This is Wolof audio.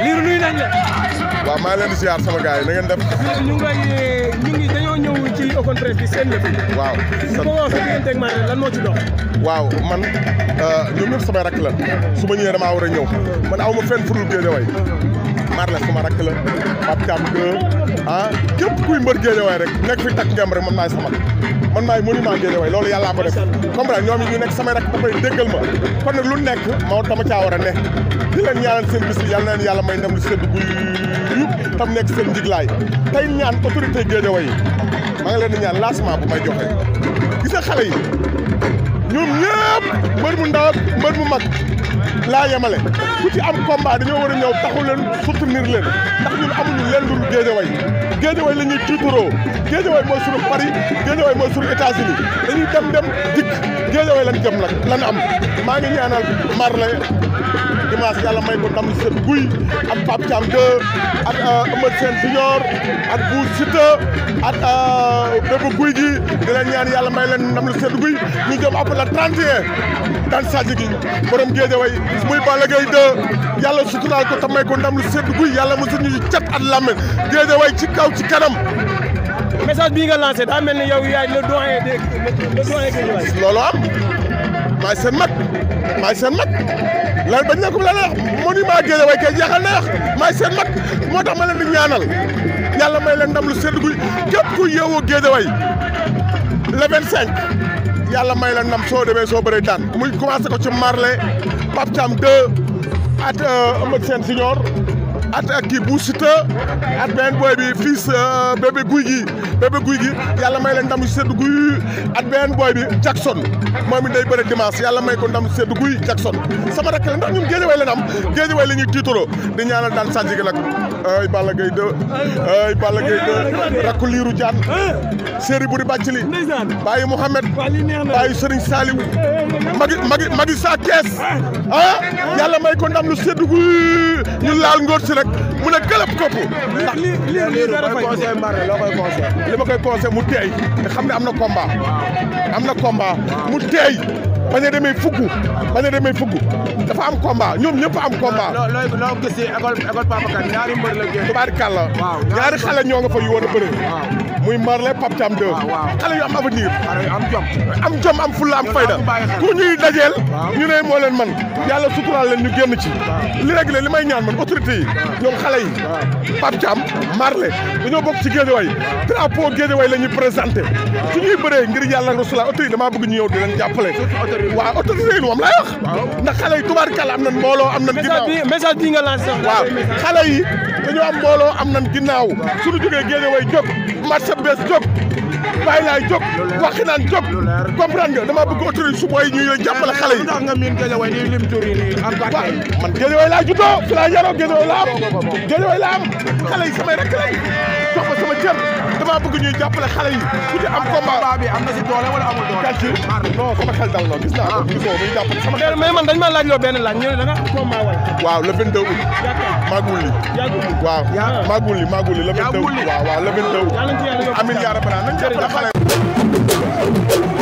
liiru nuyu nañ la. waaw maa ngi leen di ziar sama gars yi na ngeen waaw man euh, ñoom ñëpp samay rakk la su ma ñëwee damaa war a ñëw man aw ma fenn furul Guédiawaye Marley sama rakk la Pape Thiam ah képp kuy mbër Guédiawaye rek nekk fi takk ngemb rek man maay sama. man maay monument Guédiawaye loolu yàllaa ko def comprendre ñoom yi ñu nekk samay rakk ba pare kon lu nekk ma dama caa a ne di leen ñaanal seen bis bi yàlla na leen yàlla may ndam lu sedd guy tam nekk seen njiglaay tey ñaan autorité Guédiawaye maa ngi leen di ñaan lancement bu may joxe gis nga xale yi ñoom ñëpp mu ndaw mbër mu mag laa yemale ku ci am combat dañoo war a ñëw taxu leen soutenir leen ndax ñun amuñu leen dul Guédiawaye géejawaay la ñuy tiituroo géejawaay mooy sunu Paris géejawaay mooy sunu États-Unis dañuy dem dem dikk lan jëm nag lan am maa ngi ñaanal Marley dimanche yàlla may ko ndam seen guy ak Pape Thiam 2 ak euh, Eumeu Sène Junior ak Bou Siteu ak euh, bépp guy gi di leen ñaan yàlla may leen ndam lu seen guy ñu jëm après le 31 daan gi borom Guédiawaye muy Balla Gaye 2 yàlla suturaal ko te may ko ndam lu seen guy yàlla mosul ñu cat at làmmiñ Guédiawaye ci kaw ci kanam. message bii nga lancé daa mel ni yow yaay le doyen de le doyen Guédiawaye am. maay seen mag maay seen mag lan bañ na ko lan la wax monument maa kay jeexal na wax maay seen mag moo tax ma leen di ñaanal yàlla may leen ndam lu sedd guy képp ku yeewoo Guédiawaye le 25 yàlla may leen ndam soo demee soo bëree daan muy commencé ko ci Marley Pape Thiam 2 at seen Sène at ak kii bu Siteu at beneen booy bi fils euh, bébé guy gi bébé guy gi yàlla may leen ndam si seddu guy at beneen booy bi Jackson moom it day bëre dimanche yàlla may ko ndam si seddu guy Jackson sama rakk la ndax ñun géej way leen am géej way la ñuy tiitaroo di ñaanal daan Sadji gi nag ay Balla Gaye 2 ay Balla Gaye 2 rakku jaan séeri bu di bàccili bàyyi Mouhamed bàyyi Serigne Saliou sa kees ah yàlla may ko ndam lu seddu guy laal ngóor si mu ne këlëb kopp ndax li ma koy conseil mu teey te xam ne am na combat am na combat mu teey bañ a demee fukk bañ a demee fukk dafa am combat ñoom ñëpp am combat. loo loo loo gis si école école Babacar ñaari mbër la génn. tubaarkàlla ñaari xale ñoo nga fa yu woon a bëre. muy Marley Pape Thiam 2. xale yu am avenir. am jom am jom am fulla am fayda. ku ñuy dajeel. ñu ne moo man yàlla suturaal leen ñu génn ci. li rek la li may ñaan man autorité ñoom xale yi. Pape Thiam Marley dañoo bokk ci Guédiawaye drapeau Guédiawaye la ñuy présenté su ñuy bëree ngir yàlla rasulallah autorité damaa bëgg ñu ñëw di leen jàppale. waaw autorisé lu am laay wax. ndax xale yi tubaarkàlla am nan mbooloo am nan ginnaaw message bi nga lancé waaw xale yi dañoo am mbooloo am nan ginnaaw suñu jógee géej way jóg marché bees jóg bàyyi laay jóg waxi naan jóg comprendre nga dama bëgg autorité su booy ñu ñuy jàppale xale yi nga miin Guédiawaye di lim tur yi nii man Guédiawaye laa juddoo fi laa yaroo Guédiawaye laa am Guédiawaye laa am xale yi samay rek lay jox ma sama cër dama bëgg ñuy jàppale xale yi ku ci am combat bi am na si doole wala amul doole calcul non sama xel dal noonu gis waaw le 22 août maagul li waaw maagul li maagul jërëjëf